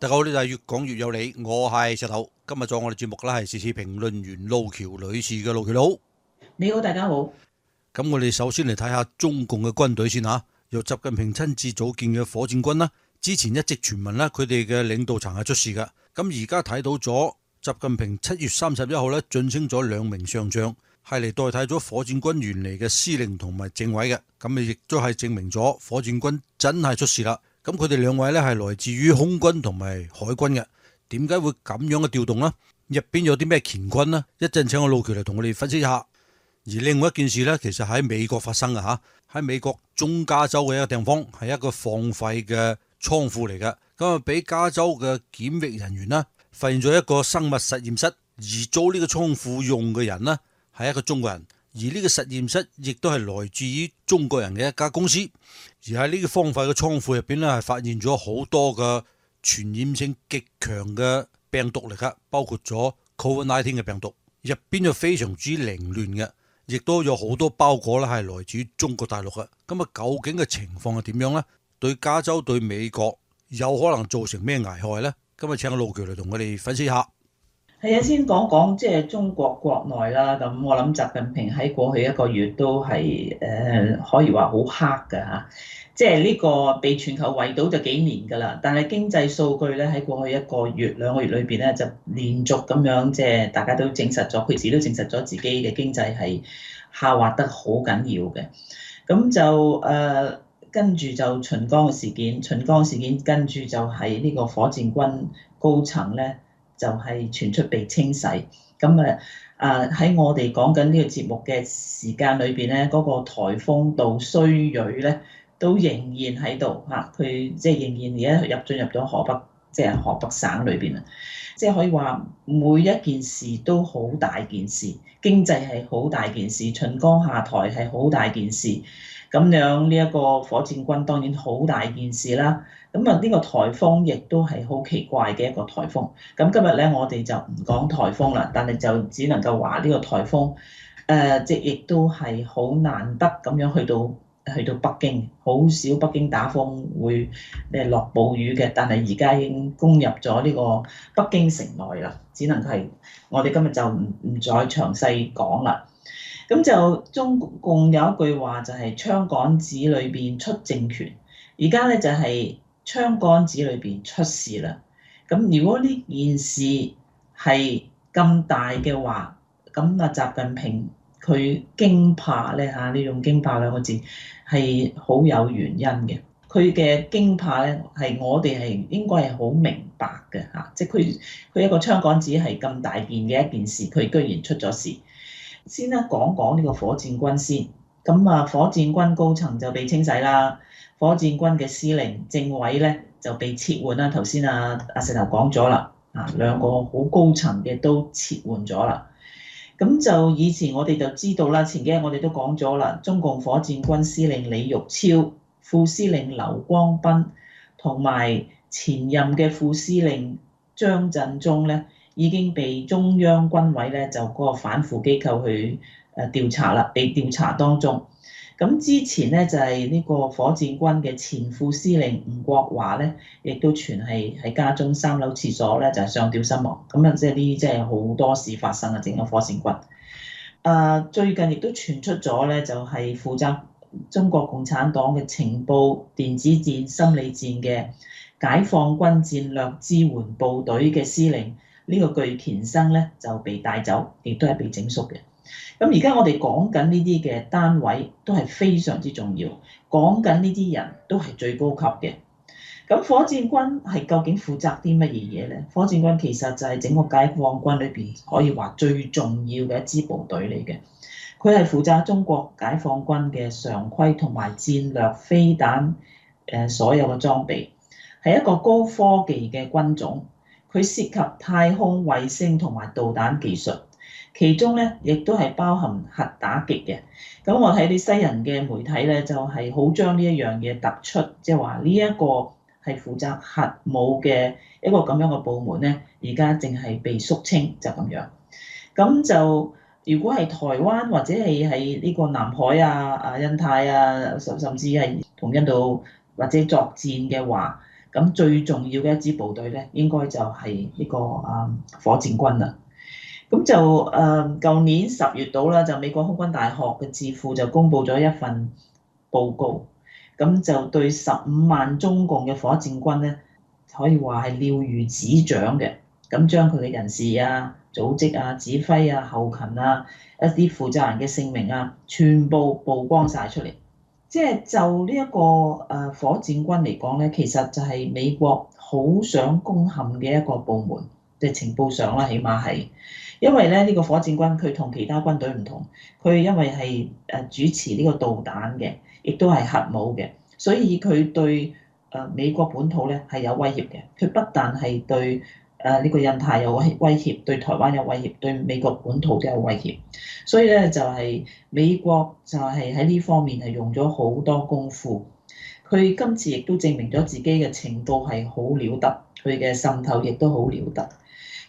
大家好，呢就係粵講粵有理，我係石頭。今日在我哋節目嘅啦係時事評論員路橋女士嘅路橋佬。你好，大家好。咁我哋首先嚟睇下中共嘅軍隊先吓、啊，由習近平親自組建嘅火箭軍啦、啊。之前一直傳聞啦，佢哋嘅領導層係出事嘅。咁而家睇到咗，習近平七月三十一號咧晉升咗兩名上將，係嚟代替咗火箭軍原嚟嘅司令同埋政委嘅。咁亦都係證明咗火箭軍真係出事啦。咁佢哋兩位咧係來自於空軍同埋海軍嘅，點解會咁樣嘅調動呢？入邊有啲咩乾坤呢？一陣請我路橋嚟同我哋分析一下。而另外一件事呢，其實喺美國發生嘅吓，喺美國中加州嘅一個地方係一個放廢嘅倉庫嚟嘅，咁啊俾加州嘅檢疫人員呢發現咗一個生物實驗室，而租呢個倉庫用嘅人呢，係一個中國人。而呢個實驗室亦都係來自於中國人嘅一家公司，而喺呢個荒廢嘅倉庫入邊咧，係發現咗好多嘅傳染性極強嘅病毒嚟㗎，包括咗 COVID-19 嘅病毒。入邊就非常之凌亂嘅，亦都有好多包裹啦，係來自於中國大陸嘅。咁啊，究竟嘅情況係點樣呢？對加州、對美國有可能造成咩危害呢？今日請阿路橋嚟同我哋分析下。係啊，先講講即係中國國內啦，咁我諗習近平喺過去一個月都係誒、呃、可以話好黑㗎吓、啊，即係呢個被全球圍堵咗幾年㗎啦。但係經濟數據咧喺過去一個月、兩個月裏邊咧就連續咁樣即係大家都證實咗，佢自己都證實咗自己嘅經濟係下滑得好緊要嘅。咁就誒跟住就秦剛嘅事件，秦剛事件跟住就喺呢個火箭軍高層咧。就係傳出被清洗，咁誒啊喺我哋講緊呢個節目嘅時間裏邊咧，嗰個颱風杜蘇芮咧都仍然喺度嚇，佢即係仍然而家入進入咗河北，即係河北省裏邊啊，即係可以話每一件事都好大件事，經濟係好大件事，秦剛下台係好大件事。咁樣呢一個火箭軍當然好大件事啦，咁啊呢個颱風亦都係好奇怪嘅一個颱風。咁今日咧我哋就唔講颱風啦，但係就只能夠話呢個颱風，誒即亦都係好難得咁樣去到去到北京，好少北京打風會誒落暴雨嘅，但係而家已經攻入咗呢個北京城內啦，只能係我哋今日就唔唔再詳細講啦。咁就中共有一句話就係槍杆子裏邊出政權，而家咧就係槍杆子裏邊出事啦。咁如果呢件事係咁大嘅話，咁啊習近平佢驚怕咧嚇，呢種驚怕兩個字係好有原因嘅。佢嘅驚怕咧係我哋係應該係好明白嘅嚇，即係佢佢一個槍杆子係咁大件嘅一件事，佢居然出咗事。先咧講講呢個火箭軍先，咁啊火箭軍高層就被清洗啦，火箭軍嘅司令、政委咧就被撤換啦。頭先啊阿、啊、石頭講咗啦，啊兩個好高層嘅都撤換咗啦。咁就以前我哋就知道啦，前幾日我哋都講咗啦，中共火箭軍司令李玉超、副司令劉光斌同埋前任嘅副司令張振中咧。已經被中央軍委咧就嗰個反腐機構去誒調查啦，被調查當中。咁之前咧就係呢個火箭軍嘅前副司令吳國華咧，亦都傳係喺家中三樓廁所咧就上吊身亡。咁啊，即係呢啲，即係好多事發生啊！整個火箭軍。誒，最近亦都傳出咗咧，就係負責中國共產黨嘅情報、電子戰、心理戰嘅解放軍戰略支援部隊嘅司令。呢個巨權生咧就被帶走，亦都係被整肅嘅。咁而家我哋講緊呢啲嘅單位都係非常之重要，講緊呢啲人都係最高級嘅。咁火箭軍係究竟負責啲乜嘢嘢咧？火箭軍其實就係整個解放軍裏邊可以話最重要嘅一支部隊嚟嘅。佢係負責中國解放軍嘅常規同埋戰略飛彈誒所有嘅裝備，係一個高科技嘅軍種。佢涉及太空衛星同埋導彈技術，其中咧亦都係包含核打擊嘅。咁我睇啲西人嘅媒體咧，就係好將呢一樣嘢突出，即係話呢一個係負責核武嘅一個咁樣嘅部門咧，而家正係被肅清就咁樣。咁就如果係台灣或者係喺呢個南海啊、啊印太啊，甚甚至係同印度或者作戰嘅話，咁最重要嘅一支部隊咧，應該就係呢、這個啊火箭軍啦。咁就誒，舊、啊、年十月度啦，就美國空軍大學嘅智庫就公布咗一份報告，咁就對十五萬中共嘅火箭軍咧，可以話係了如指掌嘅，咁將佢嘅人事啊、組織啊、指揮啊、後勤啊、一啲負責人嘅姓名啊，全部曝光晒出嚟。即係就呢一個誒火箭軍嚟講咧，其實就係美國好想攻陷嘅一個部門嘅情報上啦，起碼係，因為咧呢個火箭軍佢同其他軍隊唔同，佢因為係誒主持呢個導彈嘅，亦都係核武嘅，所以佢對誒美國本土咧係有威脅嘅，佢不但係對。誒呢個印太有威威脅，對台灣有威脅，對美國本土都有威脅，所以咧就係美國就係喺呢方面係用咗好多功夫。佢今次亦都證明咗自己嘅程度係好了得，佢嘅滲透亦都好了得。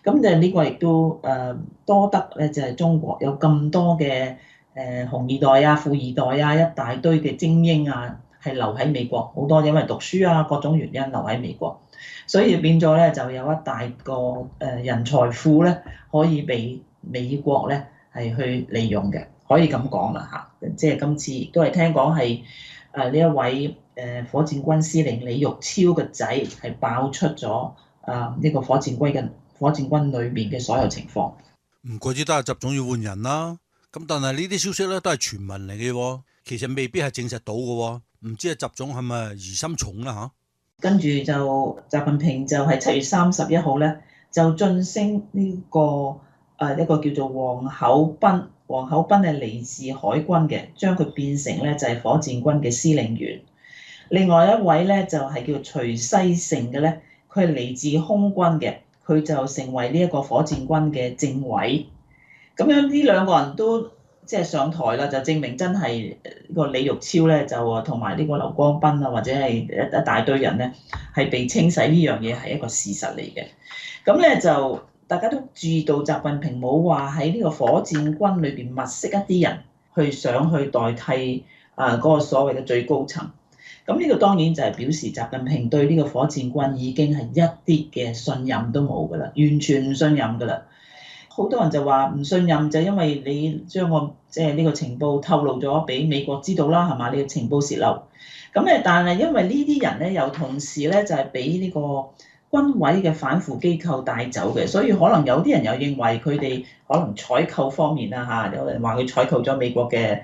咁就呢個亦都誒多得咧，就係中國有咁多嘅誒紅二代啊、富二代啊、一大堆嘅精英啊。係留喺美國好多，因為讀書啊各種原因留喺美國，所以變咗咧就有一大個誒、呃、人才庫咧，可以被美國咧係去利用嘅，可以咁講啦嚇。即係今次都係聽講係誒呢一位誒、呃、火箭軍司令李玉超嘅仔係爆出咗誒呢個火箭軍嘅火箭軍裏面嘅所有情況。唔怪之得阿習總要換人啦。咁但係呢啲消息咧都係傳聞嚟嘅喎，其實未必係證實到嘅喎。唔知阿習總係咪疑心重啦吓？跟住就習近平就係七月三十一號咧，就晉升呢、這個誒一、呃這個叫做王厚斌，王厚斌係嚟自海軍嘅，將佢變成咧就係火箭軍嘅司令員。另外一位咧就係、是、叫徐西盛嘅咧，佢係嚟自空軍嘅，佢就成為呢一個火箭軍嘅政委。咁樣呢兩個人都。即係上台啦，就證明真係呢個李玉超咧，就同埋呢個劉光斌啊，或者係一一大堆人咧，係被清洗呢樣嘢係一個事實嚟嘅。咁咧就大家都注意到習近平冇話喺呢個火箭軍裏邊物色一啲人去想去代替啊嗰、呃那個所謂嘅最高層。咁呢個當然就係表示習近平對呢個火箭軍已經係一啲嘅信任都冇㗎啦，完全唔信任㗎啦。好多人就話唔信任，就因為你將個即係呢個情報透露咗俾美國知道啦，係嘛？你嘅情報洩漏，咁咧，但係因為呢啲人咧，又同時咧就係俾呢個軍委嘅反腐機構帶走嘅，所以可能有啲人又認為佢哋可能採購方面啊嚇，有人話佢採購咗美國嘅。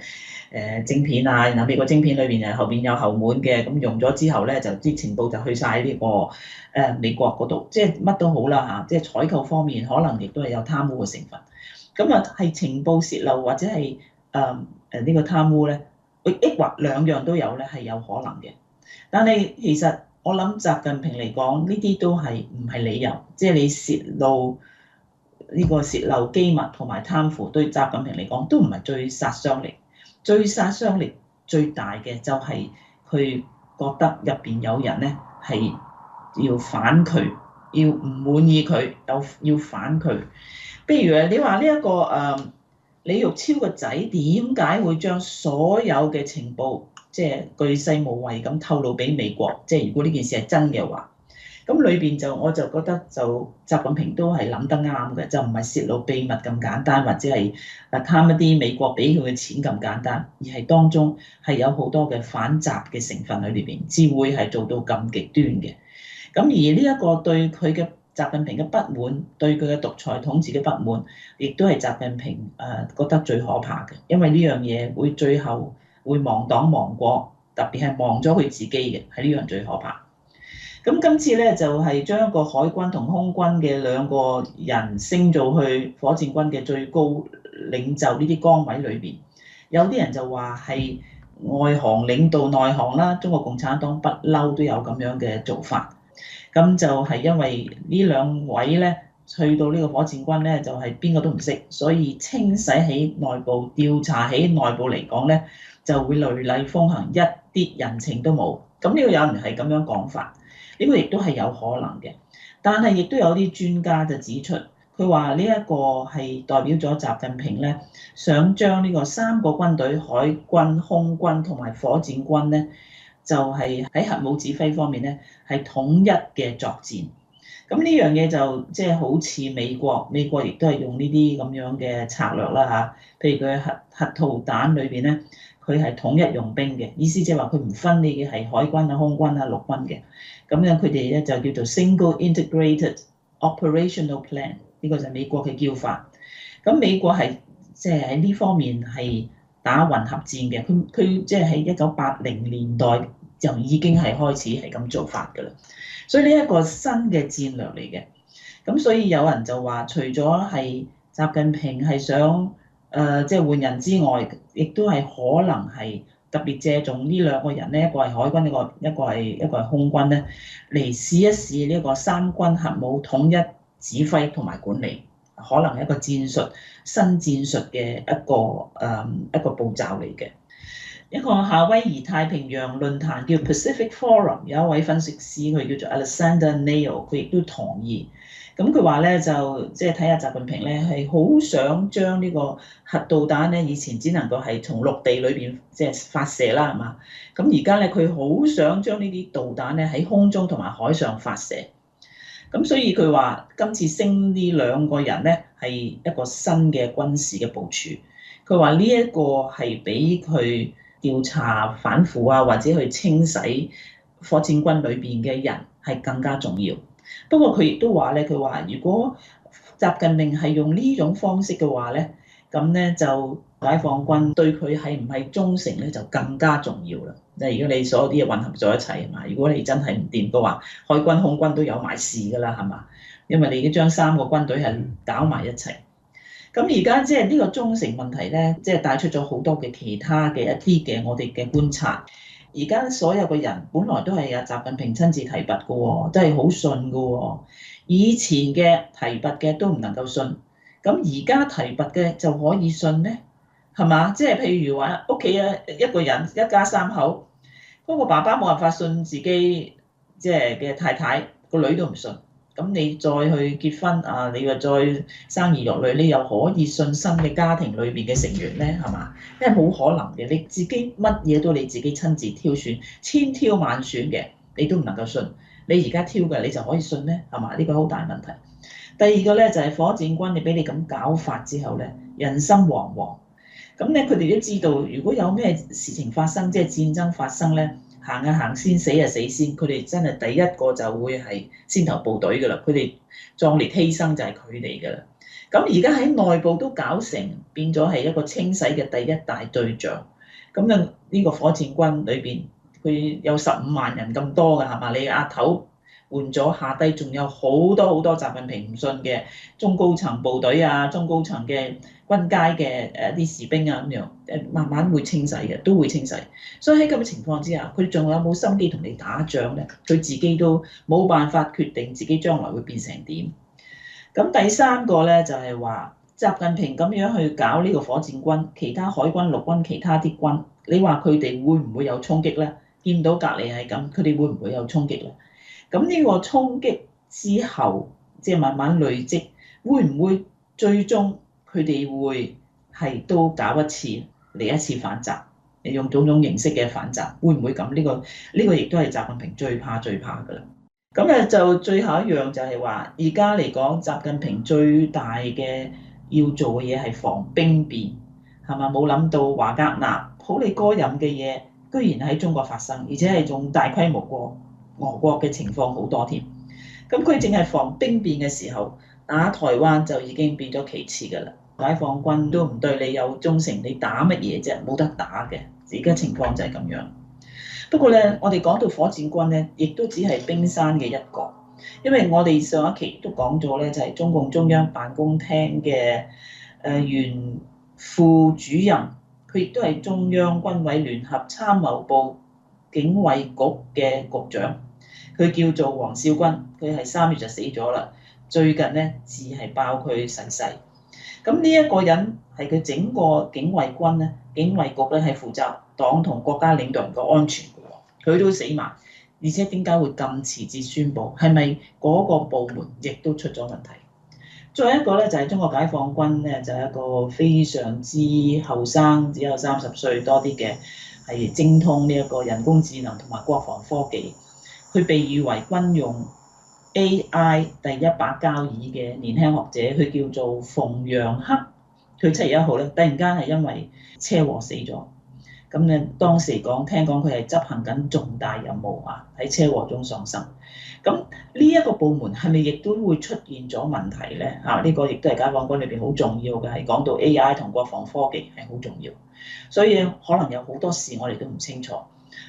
誒、呃、晶片啊，然後美國晶片裏邊誒後邊有後門嘅，咁、嗯、用咗之後咧，就啲情報就去晒呢、這個誒、呃、美國嗰度，即係乜都好啦嚇、啊，即係採購方面可能亦都係有貪污嘅成分。咁啊，係情報泄漏，或者係誒誒呢個貪污咧，抑或兩樣都有咧，係有可能嘅。但係其實我諗習近平嚟講，呢啲都係唔係理由，即係你泄露呢、這個泄漏機密同埋貪腐對習近平嚟講都唔係最殺傷力。最殺傷力最大嘅就係佢覺得入邊有人咧係要反佢，要唔滿意佢，又要反佢。譬如啊、這個嗯，你話呢一個誒李玉超個仔點解會將所有嘅情報即係、就是、巨細無遺咁透露俾美國？即、就、係、是、如果呢件事係真嘅話。咁裏邊就我就覺得就習近平都係諗得啱嘅，就唔係泄露秘密咁簡單，或者係誒貪一啲美國俾佢嘅錢咁簡單，而係當中係有好多嘅反習嘅成分喺裏邊，至會係做到咁極端嘅。咁而呢一個對佢嘅習近平嘅不滿，對佢嘅獨裁統治嘅不滿，亦都係習近平誒覺得最可怕嘅，因為呢樣嘢會最後會亡黨亡國，特別係忘咗佢自己嘅，係呢樣最可怕。咁今次咧就係將一個海軍同空軍嘅兩個人升做去火箭軍嘅最高領袖呢啲崗位裏邊，有啲人就話係外行領導內行啦，中國共產黨不嬲都有咁樣嘅做法。咁就係因為呢兩位咧去到呢個火箭軍咧就係邊個都唔識，所以清洗起內部調查起內部嚟講咧就會雷厲風行一啲人情都冇。咁呢個人係咁樣講法。呢個亦都係有可能嘅，但係亦都有啲專家就指出，佢話呢一個係代表咗習近平咧，想將呢個三個軍隊，海軍、空軍同埋火箭軍咧，就係、是、喺核武指揮方面咧，係統一嘅作戰。咁呢樣嘢就即係、就是、好似美國，美國亦都係用呢啲咁樣嘅策略啦吓，譬如佢核核導彈裏邊咧。佢係統一用兵嘅，意思即係話佢唔分你嘅係海軍啊、空軍啊、陸軍嘅，咁樣佢哋咧就叫做 Single Integrated Operational Plan，呢個就係美國嘅叫法。咁美國係即係喺呢方面係打混合戰嘅，佢佢即係喺一九八零年代就已經係開始係咁做法噶啦，所以呢一個新嘅戰略嚟嘅。咁所以有人就話，除咗係習近平係想，誒、呃，即係換人之外，亦都係可能係特別借重呢兩個人咧，一個係海軍，一個一個係一個係空軍咧，嚟試一試呢個三軍核武統一指揮同埋管理，可能係一個戰術新戰術嘅一個誒、嗯、一個步驟嚟嘅。一個夏威夷太平洋論壇叫 Pacific Forum，有一位分析師佢叫做 Alexander Neil，佢亦都同意。咁佢話咧就即係睇下習近平咧係好想將呢個核導彈咧以前只能夠係從陸地裏邊即係發射啦，係嘛？咁而家咧佢好想將呢啲導彈咧喺空中同埋海上發射。咁所以佢話今次升呢兩個人咧係一個新嘅軍事嘅部署。佢話呢一個係比佢調查反腐啊或者去清洗火箭軍裏邊嘅人係更加重要。不過佢亦都話咧，佢話如果習近平係用呢種方式嘅話咧，咁咧就解放軍對佢係唔係忠誠咧就更加重要啦。即係如果你所有啲嘢混合咗一齊係嘛，如果你真係唔掂嘅話，海軍、空軍都有埋事㗎啦係嘛，因為你已經將三個軍隊係搞埋一齊。咁而家即係呢個忠誠問題咧，即係帶出咗好多嘅其他嘅一啲嘅我哋嘅觀察。而家所有嘅人，本來都係阿習近平親自提拔嘅喎，都係好信嘅喎。以前嘅提拔嘅都唔能夠信，咁而家提拔嘅就可以信咧？係嘛？即係譬如話，屋企啊一個人，一家三口，嗰個爸爸冇辦法信自己，即係嘅太太，個女都唔信。咁你再去結婚啊？你又再生兒育女，你又可以信心嘅家庭裏邊嘅成員咧，係嘛？因為冇可能嘅，你自己乜嘢都你自己親自挑選，千挑萬選嘅，你都唔能夠信。你而家挑嘅，你就可以信咧，係嘛？呢個好大問題。第二個咧就係火箭軍，你俾你咁搞法之後咧，人心惶惶。咁咧，佢哋都知道如果有咩事情發生，即係戰爭發生咧。行啊行先死啊死先，佢哋真係第一個就會係先頭部隊㗎啦。佢哋壯烈犧牲就係佢哋㗎啦。咁而家喺內部都搞成變咗係一個清洗嘅第一大對象。咁樣，呢個火箭軍裏邊佢有十五萬人咁多㗎，係嘛？你額頭？換咗下低，仲有好多好多習近平唔信嘅中高層部隊啊，中高層嘅軍階嘅誒啲士兵啊咁樣誒，慢慢會清洗嘅，都會清洗。所以喺咁嘅情況之下，佢仲有冇心機同你打仗咧？佢自己都冇辦法決定自己將來會變成點。咁第三個咧就係話，習近平咁樣去搞呢個火箭軍，其他海軍、陸軍其他啲軍，你話佢哋會唔會有衝擊咧？見到隔籬係咁，佢哋會唔會有衝擊咧？咁呢個衝擊之後，即係慢慢累積，會唔會最終佢哋會係都搞一次嚟一次反襲？用種種形式嘅反襲，會唔會咁？呢個呢個亦都係習近平最怕最怕噶啦。咁咧就最後一樣就係話，而家嚟講，習近平最大嘅要做嘅嘢係防兵變，係嘛？冇諗到華格納普里戈任嘅嘢居然喺中國發生，而且係仲大規模過。俄國嘅情況好多添，咁佢淨係防兵變嘅時候打台灣就已經變咗其次㗎啦，解放軍都唔對你有忠誠，你打乜嘢啫？冇得打嘅，而家情況就係咁樣。不過咧，我哋講到火箭軍咧，亦都只係冰山嘅一角，因為我哋上一期都講咗咧，就係中共中央辦公廳嘅誒原副主任，佢亦都係中央軍委聯合參謀部警衛局嘅局長。佢叫做黃少軍，佢係三月就死咗啦。最近呢，字係爆佢逝世。咁呢一個人係佢整個警衛軍咧、警衛局咧係負責黨同國家領導人嘅安全嘅喎，佢都死埋。而且點解會咁遲至宣佈？係咪嗰個部門亦都出咗問題？再一個咧，就係中國解放軍咧，就係一個非常之後生，只有三十歲多啲嘅，係精通呢一個人工智能同埋國防科技。佢被譽為軍用 A.I. 第一把交椅嘅年輕學者，佢叫做馮陽克。佢七月一號咧，突然間係因為車禍死咗。咁咧當時講聽講佢係執行緊重大任務啊，喺車禍中喪生。咁呢一個部門係咪亦都會出現咗問題咧？嚇、啊，呢、這個亦都係解放軍裏邊好重要嘅，係講到 A.I. 同國防科技係好重要，所以可能有好多事我哋都唔清楚。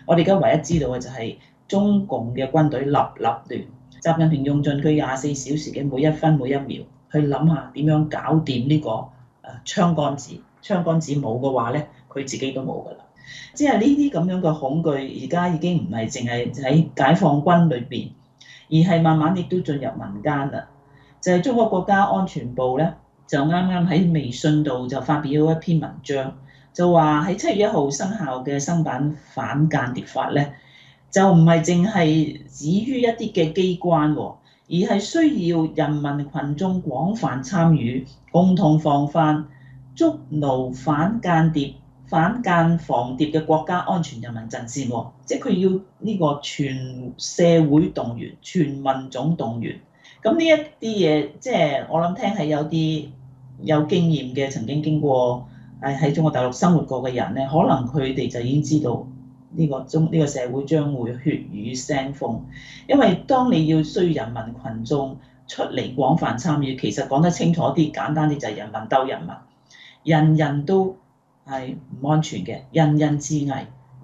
我哋而家唯一知道嘅就係、是。中共嘅軍隊立立亂，習近平用盡佢廿四小時嘅每一分每一秒去諗下點樣搞掂呢個誒槍桿子。槍桿子冇嘅話咧，佢自己都冇㗎啦。即係呢啲咁樣嘅恐懼，而家已經唔係淨係喺解放軍裏邊，而係慢慢亦都進入民間啦。就係、是、中國國家安全部咧，就啱啱喺微信度就發表咗一篇文章，就話喺七月一號生效嘅新版反間諜法咧。就唔係淨係止於一啲嘅機關喎、哦，而係需要人民群眾廣泛參與，共同防範、捉奴反間諜、反間防諜嘅國家安全人民陣線喎、哦。即係佢要呢個全社會動員、全民總動員。咁呢一啲嘢，即、就、係、是、我諗聽係有啲有經驗嘅，曾經經過誒喺中國大陸生活過嘅人咧，可能佢哋就已經知道。呢個中呢個社會將會血雨腥風，因為當你要需要人民群眾出嚟廣泛參與，其實講得清楚啲、簡單啲，就係人民鬥人民，人人都係唔安全嘅，人人自危，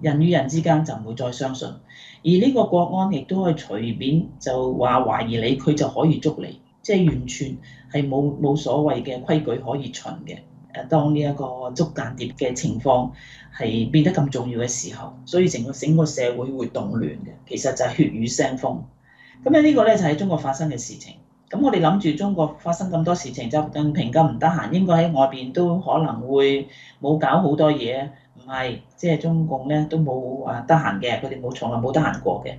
人與人之間就唔會再相信。而呢個國安亦都可以隨便就話懷疑你，佢就可以捉你，即係完全係冇冇所謂嘅規矩可以循嘅。誒，當呢一個捉間諜嘅情況係變得咁重要嘅時候，所以成個整個社會會動亂嘅，其實就係血雨腥風。咁咧呢個咧就係中國發生嘅事情。咁我哋諗住中國發生咁多事情，就更平近唔得閒，應該喺外邊都可能會冇搞好多嘢。唔係，即係中共咧都冇話得閒嘅，佢哋冇從來，冇得閒過嘅。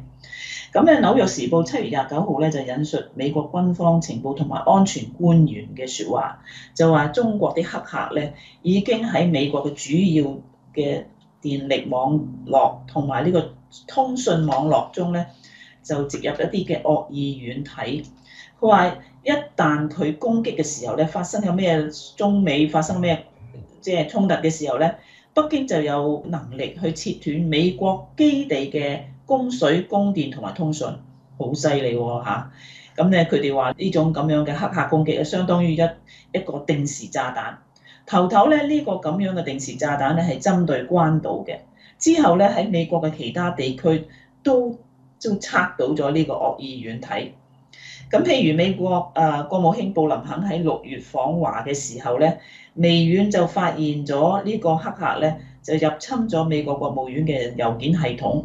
咁咧，《紐約時報》七月廿九號咧就引述美國軍方情報同埋安全官員嘅説話，就話中國啲黑客咧已經喺美國嘅主要嘅電力網絡同埋呢個通訊網絡中咧就植入一啲嘅惡意軟體。佢話一旦佢攻擊嘅時候咧，發生有咩中美發生咩即係衝突嘅時候咧。北京就有能力去切斷美國基地嘅供水、供電同埋通訊，好犀利喎嚇！咁咧，佢哋話呢種咁樣嘅黑客攻擊，相當於一一個定時炸彈。頭頭咧呢個咁樣嘅定時炸彈咧係針對關島嘅，之後咧喺美國嘅其他地區都都測到咗呢個惡意軟體。咁譬如美國啊國務卿布林肯喺六月訪華嘅時候咧，微軟就發現咗呢個黑客咧就入侵咗美國國務院嘅郵件系統，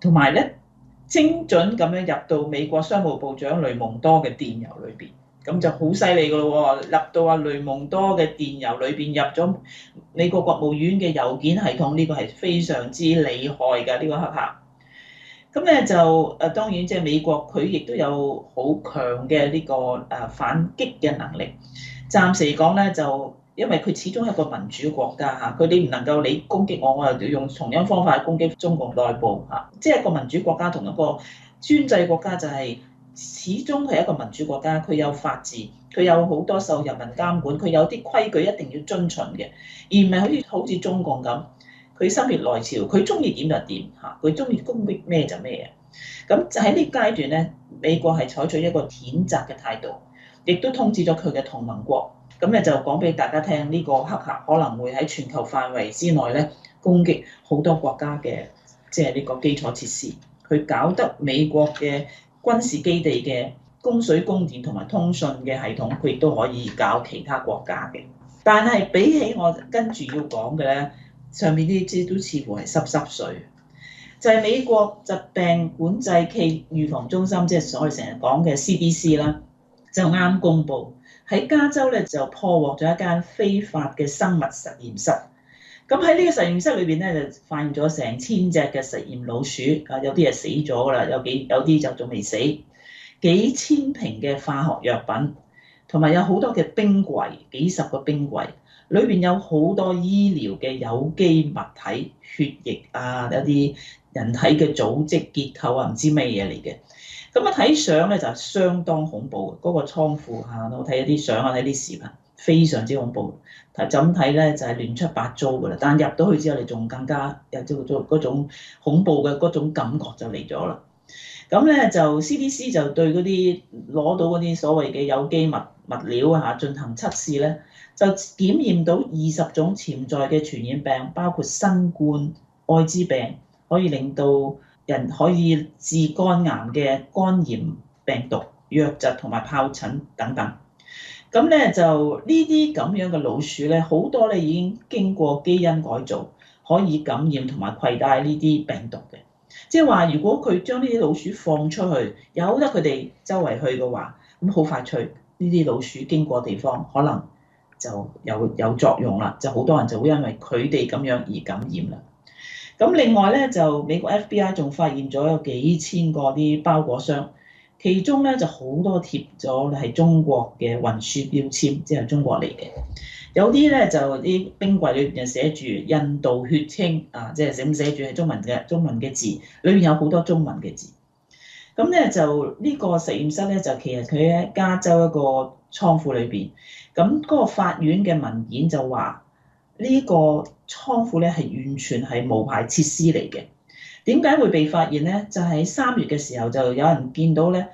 同埋咧精準咁樣入到美國商務部長雷蒙多嘅電郵裏邊，咁就好犀利㗎喇喎，入到啊雷蒙多嘅電郵裏邊，入咗美國國務院嘅郵件系統，呢個係非常之厲害㗎，呢個黑客。咁咧就誒當然即係美國，佢亦都有好強嘅呢個誒反擊嘅能力。暫時嚟講咧，就因為佢始終係一個民主國家嚇，佢哋唔能夠你攻擊我，我又用同樣方法攻擊中共內部嚇、啊。即係一個民主國家同一個專制國家就係始終係一個民主國家，佢有法治，佢有好多受人民監管，佢有啲規矩一定要遵循嘅，而唔係好似好似中共咁。佢心血來潮，佢中意點就係點吓，佢中意攻擊咩就咩啊。咁就喺呢階段咧，美國係採取一個譴責嘅態度，亦都通知咗佢嘅同盟國，咁咧就講俾大家聽呢個黑客可能會喺全球範圍之內咧攻擊好多國家嘅，即係呢個基礎設施。佢搞得美國嘅軍事基地嘅供水、供電同埋通訊嘅系統，佢亦都可以搞其他國家嘅。但係比起我跟住要講嘅咧。上面啲嘢都似乎係濕濕碎，就係、是、美國疾病管制暨預防中心，即係所謂成日講嘅 CDC 啦，就啱、是、公布喺加州咧就破獲咗一間非法嘅生物實驗室。咁喺呢個實驗室裏邊咧就發現咗成千隻嘅實驗老鼠，啊有啲係死咗噶啦，有幾有啲就仲未死，幾千瓶嘅化學藥品，同埋有好多嘅冰櫃，幾十個冰櫃。裏邊有好多醫療嘅有機物體、血液啊、一啲人體嘅組織結構啊，唔知咩嘢嚟嘅。咁啊，睇相咧就係相當恐怖嘅，嗰個倉庫下，我睇一啲相啊，睇啲視頻，非常之恐怖。睇整體咧，就係亂七八糟噶啦。但入到去之後，你仲更加有種種恐怖嘅嗰種感覺就嚟咗啦。咁咧就 CDC 就對嗰啲攞到嗰啲所謂嘅有機物物料啊進行測試咧。就檢驗到二十種潛在嘅傳染病，包括新冠、艾滋病，可以令到人可以致肝癌嘅肝炎病毒、瘧疾同埋疱疹等等。咁咧就呢啲咁樣嘅老鼠咧，好多咧已經經過基因改造，可以感染同埋攜帶呢啲病毒嘅。即係話，如果佢將呢啲老鼠放出去，由得佢哋周圍去嘅話，咁好快脆呢啲老鼠經過地方，可能。就有有作用啦，就好多人就會因為佢哋咁樣而感染啦。咁另外咧，就美國 FBI 仲發現咗有幾千個啲包裹箱，其中咧就好多貼咗係中國嘅運輸標籤，即係中國嚟嘅。有啲咧就啲冰櫃裏邊寫住印度血清啊，即係寫唔寫住係中文嘅中文嘅字，裏邊有好多中文嘅字。咁咧就呢個實驗室咧就其實佢喺加州一個倉庫裏邊。咁嗰個法院嘅文件就話：呢個倉庫咧係完全係無牌設施嚟嘅。點解會被發現咧？就喺三月嘅時候就有人見到咧，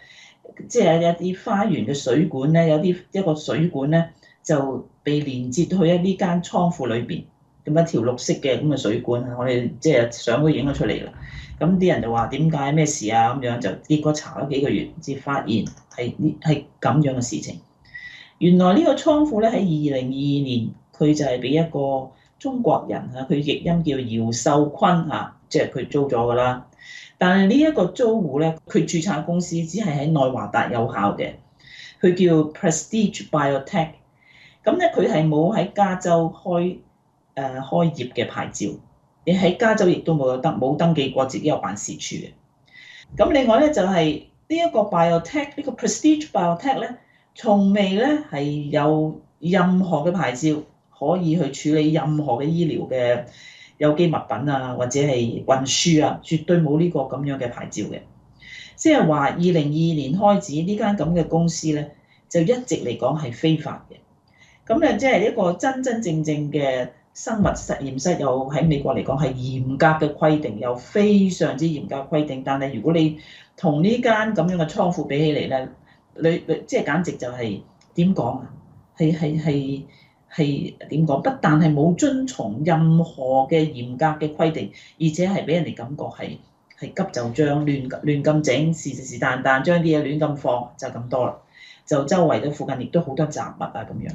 即係一啲花園嘅水管咧，有啲一個水管咧就被連接去一呢間倉庫裏邊，咁一條綠色嘅咁嘅水管，我哋即係相都影咗出嚟啦。咁啲人就話：點解咩事啊？咁樣就結果查咗幾個月，至發現係呢係咁樣嘅事情。原來個倉庫，呢個倉庫咧喺二零二二年，佢就係俾一個中國人啊，佢譯音叫姚秀坤啊，即係佢租咗㗎啦。但係呢一個租戶咧，佢註冊公司只係喺內華達有效嘅，佢叫 Prestige Biotech。咁咧、嗯，佢係冇喺加州開誒、呃、開業嘅牌照，你喺加州亦都冇登冇登記過自己有辦事處嘅。咁、嗯、另外咧就係、是、呢一個 Biotech 呢個 Prestige Biotech 咧。從未咧係有任何嘅牌照可以去處理任何嘅醫療嘅有機物品啊，或者係運輸啊，絕對冇呢個咁樣嘅牌照嘅。即係話二零二二年開始呢間咁嘅公司咧，就一直嚟講係非法嘅。咁咧，即係一個真真正正嘅生物實驗室，又喺美國嚟講係嚴格嘅規定，又非常之嚴格嘅規定。但係如果你同呢間咁樣嘅倉庫比起嚟咧，你即係簡直就係點講啊？係係係係點講？不但係冇遵從任何嘅嚴格嘅規定，而且係俾人哋感覺係係急就章、亂亂咁整，時時但但將啲嘢亂咁放就咁多啦。就周圍嘅附近亦都好多雜物啊咁樣。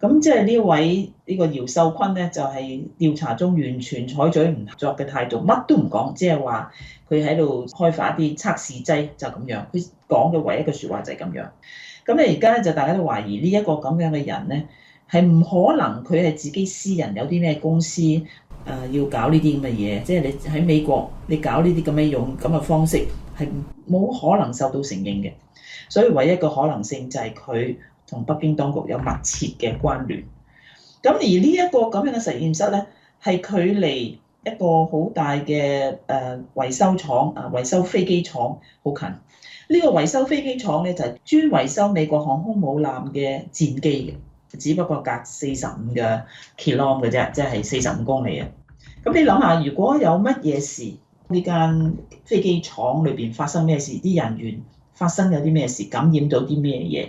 咁即係呢位呢個姚秀坤咧，就係調查中完全採取唔合作嘅態度，乜都唔講，即係話佢喺度開發一啲測試劑就咁樣。講嘅唯一一句説話就係咁樣。咁你而家咧就大家都懷疑這這呢一個咁樣嘅人咧，係唔可能佢係自己私人有啲咩公司誒、呃、要搞呢啲咁嘅嘢。即係你喺美國你搞呢啲咁嘅，用咁嘅方式係冇可能受到承認嘅。所以唯一一個可能性就係佢同北京當局有密切嘅關聯。咁而呢一個咁樣嘅實驗室咧，係距離。一個好大嘅誒維修廠啊，維修飛機廠好近。呢個維修飛機廠咧就係專維修美國航空母艦嘅戰機嘅，只不過隔四十五嘅 kilom 嘅啫，即係四十五公里啊。咁你諗下，如果有乜嘢事呢間飛機廠裏邊發生咩事，啲人員發生有啲咩事，感染到啲咩嘢，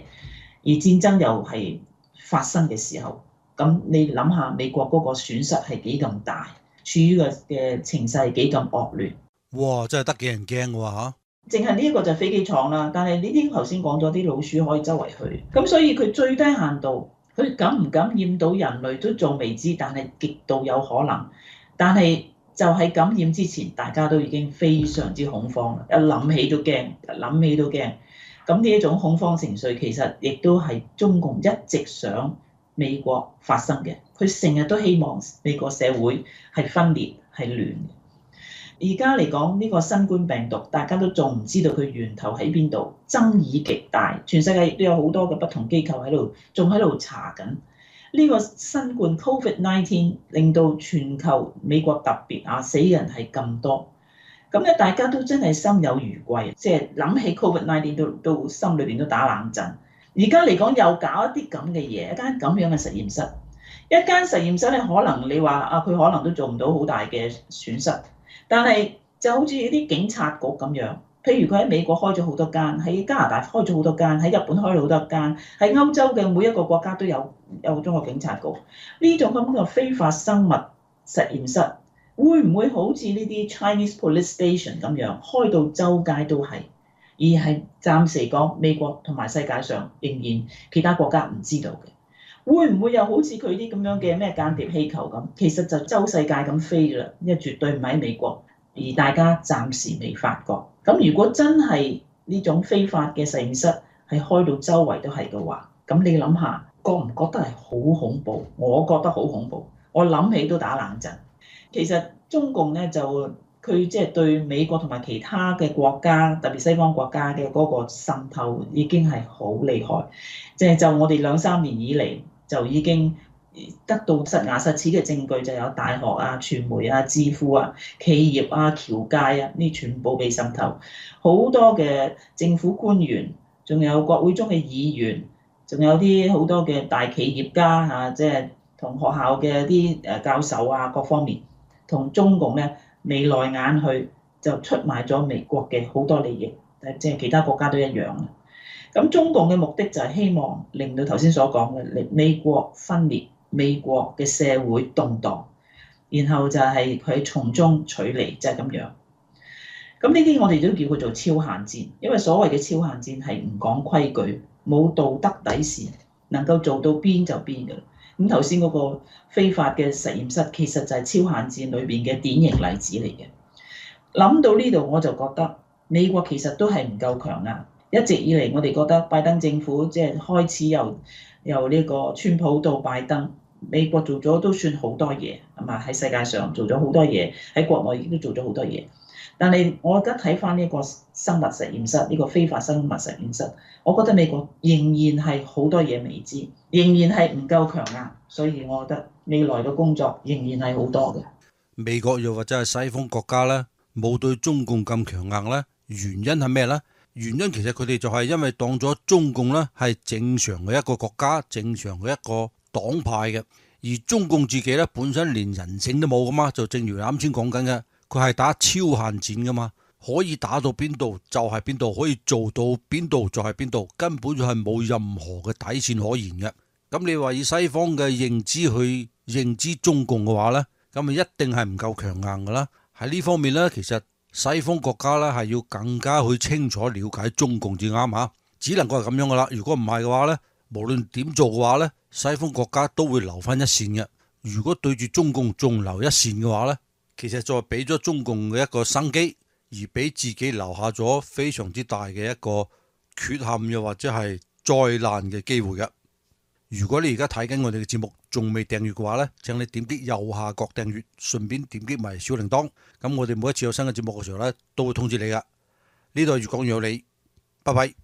而戰爭又係發生嘅時候，咁你諗下美國嗰個損失係幾咁大？處於嘅嘅情勢幾咁惡劣，哇！真係得幾人驚喎嚇？淨係呢一個就飛機廠啦，但係呢啲頭先講咗啲老鼠可以周圍去，咁所以佢最低限度佢感唔感染到人類都仲未知，但係極度有可能。但係就喺感染之前，大家都已經非常之恐慌，一諗起都驚，諗起都驚。咁呢一種恐慌情緒其實亦都係中共一直想美國發生嘅，佢成日都希望美國社會係分裂係亂嘅。而家嚟講呢個新冠病毒，大家都仲唔知道佢源頭喺邊度，爭議極大。全世界亦都有好多嘅不同機構喺度，仲喺度查緊呢個新冠 Covid Nineteen，令到全球美國特別啊死人係咁多。咁咧大家都真係心有餘悸，即係諗起 Covid Nineteen 都都，都心裏邊都打冷震。而家嚟講又搞一啲咁嘅嘢，一間咁樣嘅實驗室，一間實驗室咧可能你話啊佢可能都做唔到好大嘅損失，但係就好似啲警察局咁樣，譬如佢喺美國開咗好多間，喺加拿大開咗好多間，喺日本開咗好多間，喺歐洲嘅每一個國家都有有中國警察局，呢種咁嘅非法生物實驗室會唔會好似呢啲 Chinese Police Station 咁樣開到周街都係？而係暫時講美國同埋世界上仍然其他國家唔知道嘅，會唔會又好似佢啲咁樣嘅咩間諜氣球咁？其實就周世界咁飛㗎啦，因為絕對唔喺美國，而大家暫時未發覺。咁如果真係呢種非法嘅實驗室係開到周圍都係嘅話，咁你諗下，覺唔覺得係好恐怖？我覺得好恐怖，我諗起都打冷震。其實中共咧就。佢即係對美國同埋其他嘅國家，特別西方國家嘅嗰個滲透已經係好厲害，即係就我哋兩三年以嚟就已經得到實牙實齒嘅證據，就有大學啊、傳媒啊、智庫啊、企業啊、僑界啊，呢全部被滲透，好多嘅政府官員，仲有國會中嘅議員，仲有啲好多嘅大企業家啊，即係同學校嘅啲誒教授啊，各方面同中共呢。眉來眼去就出賣咗美國嘅好多利益，誒即係其他國家都一樣啦。咁中共嘅目的就係希望令到頭先所講嘅美美國分裂，美國嘅社會動盪，然後就係佢從中取利，就係咁樣。咁呢啲我哋都叫佢做超限戰，因為所謂嘅超限戰係唔講規矩、冇道德底線，能夠做到邊就邊嘅啦。咁頭先嗰個非法嘅實驗室，其實就係超限戰裏邊嘅典型例子嚟嘅。諗到呢度我就覺得美國其實都係唔夠強硬。一直以嚟我哋覺得拜登政府即係開始由由呢個川普到拜登，美國做咗都算好多嘢係嘛，喺世界上做咗好多嘢，喺國內亦都做咗好多嘢。但係我而家睇翻呢個生物實驗室，呢個非法生物實驗室，我覺得美國仍然係好多嘢未知，仍然係唔夠強硬，所以我覺得未來嘅工作仍然係好多嘅。嗯。美國又或者係西方國家咧，冇對中共咁強硬咧，原因係咩咧？原因其實佢哋就係因為當咗中共咧係正常嘅一個國家，正常嘅一個黨派嘅，而中共自己咧本身連人性都冇㗎嘛。就正如啱先講緊嘅。佢係打超限戰噶嘛，可以打到邊度就係邊度，可以做到邊度就係邊度，根本就係冇任何嘅底線可言嘅。咁你話以西方嘅認知去認知中共嘅話呢，咁啊一定係唔夠強硬噶啦。喺呢方面呢，其實西方國家咧係要更加去清楚了解中共至啱吓，只能夠係咁樣噶啦。如果唔係嘅話呢，無論點做嘅話呢，西方國家都會留翻一線嘅。如果對住中共仲留一線嘅話呢，其實就係俾咗中共嘅一個生機，而俾自己留下咗非常之大嘅一個缺陷，又或者係災難嘅機會嘅。如果你而家睇緊我哋嘅節目，仲未訂閱嘅話呢，請你點擊右下角訂閱，順便點擊埋小鈴鐺。咁我哋每一次有新嘅節目嘅時候呢，都會通知你噶。呢度粵講粵有你，拜拜。Bye bye